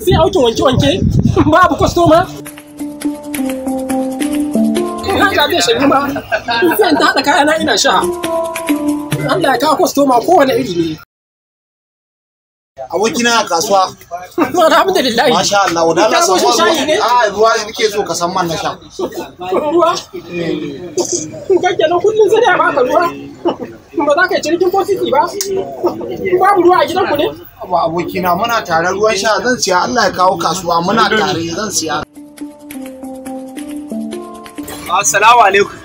sai aukin wanke-wanke babu kwastoma in haja zai shari ma in sai ta haɗa kayana ina sha Allah ya kawo kwastoma kowane iri ne abokina a kasuwa alhamdulillah masha Allah wanda Allah san ruwa a ah, ruwa ne nake so ka san man na sha ruwa eh. kake nan kullun sai da ba ka ruwa ba za ka yi cinikin ko ba babu ruwa a gidan ku ne wa abokina muna tare ruwan sha zan siya Allah ya kawo kasuwa muna tare zan siya Assalamu alaikum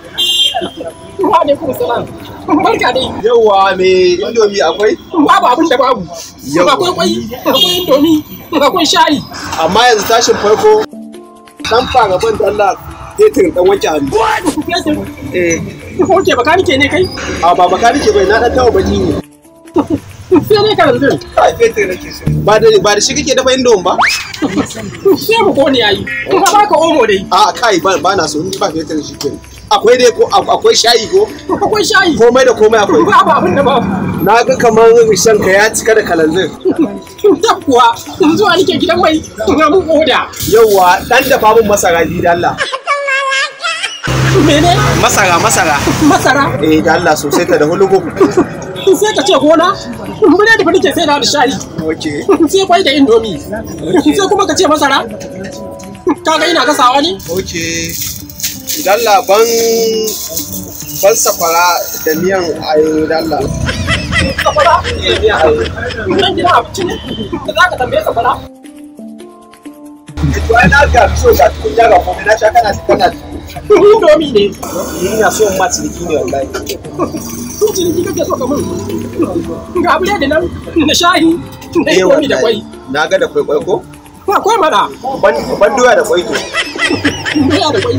Wa alaikum salam Barka dai Yawa me indomi akwai Babu abin da babu Akwai kwai akwai indomi akwai shayi Amma yanzu tashin farko dan fara ban Allah fetur dan wanke hannu Eh Ko ke ke ne kai? A ba ke bai na dan tawo baki ne Sai ne karin din. Ai fetur nake so. Ba da ba da shi kake dafa indomin ba? Sai ba ko ne yayi. ba ka baka omo dai. A kai ba na so ni ba fetur shi ke. Akwai dai ko akwai shayi ko? Akwai shayi. Komai da komai akwai. Ba abin da ba. Na ga kamar shan ka ya cika da kalanzir. Tab kuwa zuwa nake gidan mai na mun oda. Yawwa dan dafa mun masara bi da Allah. Mene? Masara, masara. Masara? Eh, da Allah sosai ta da hulugu. sai ka ce gona biredi fa nake sai da shayi sai kwai da indomi sai kuma ka ce masara kaga ina gasawa ne idan laban ban safara da miyan ayo dalla safara da miyan ayo nan gida abinci ne da za ka tambaye safara Ito eh, ai na ga so ga kun ya ga kuma na sha kana kana Indomi ne ina so ma ciniki ne wallahi ciniki kake so ka ga abu da nan na shahi na yi eh, komi da kwai na ga da kwai kwai ko ba kwai mana ban doya da kwai to doya da kwai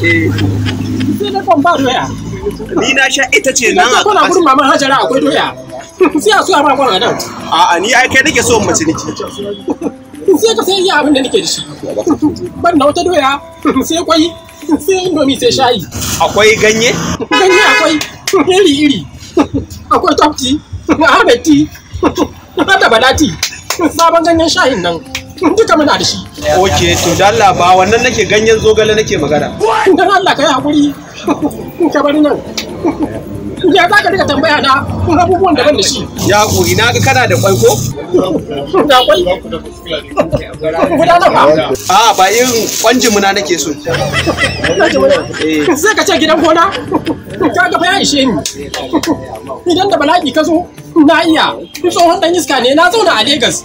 eh sai na ban ba doya ni na sha ita ce nan a kuna gurin mama hajara akwai doya sai a so a ba kwana nan a'a ni ai kai nake so mu ciniki sai ka sai iya abin da nake da shi ban na wata doya sai kwai sai indomi sai shayi akwai ganye ganye akwai iri iri akwai tafti tea ahmed tea da Balati. sabon ganyen shayin nan duka muna da shi ok to da Allah ba wannan nake ganyen zogale nake magana dan Allah kai hakuri ka bari nan ya za ka rika tambaya na kun abubuwan daban da shi ya kuri na ga kana da kwai ko da kwai guda a ba irin kwanjin muna nake so eh. sai ka ce gidan gona ka ga ya ishe ni idan da bala'i ka zo na iya tsohon dan iska ne na zauna a Legas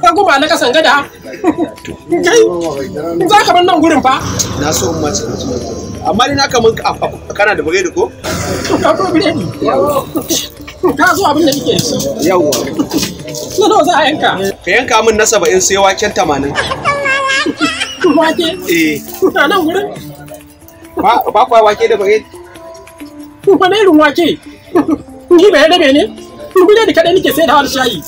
ka guba na kasan gada kai za ka bar nan gurin fa na so in mace amma ni na kaman kana da biredi ko ka to biredi ka so abin da nake so yawa na nawa za a yanka ka yanka min na saba'in sai waken tamanin wake eh na nan gurin ba kwa wake da biredi wani irin wake ni bai rabe ne Kuɗi da kaɗai nake sai da har shayi.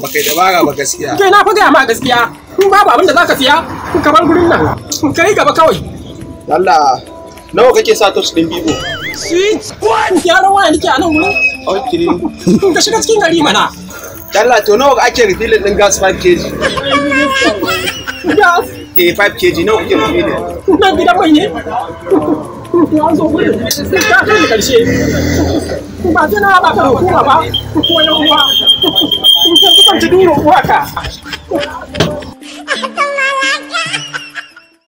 Baka yi dabara ba gaskiya. Kai na fi gaya ma gaskiya. in babu abin da za ka siya ka bar gurin nan kai gaba kawai Allah nawa kake sa tos din bibo sweet yaran waya nake a nan gurin okay ka shiga cikin gari mana Allah to nawa ake refilling din gas 5 kg gas eh 5 kg nawa kake refilling nan gidan mai ne ya zo gurin ka ba sai na ba ka hukuma ba ko yan uwa in ka kusanci duro uwa ka 감사합니다. 아,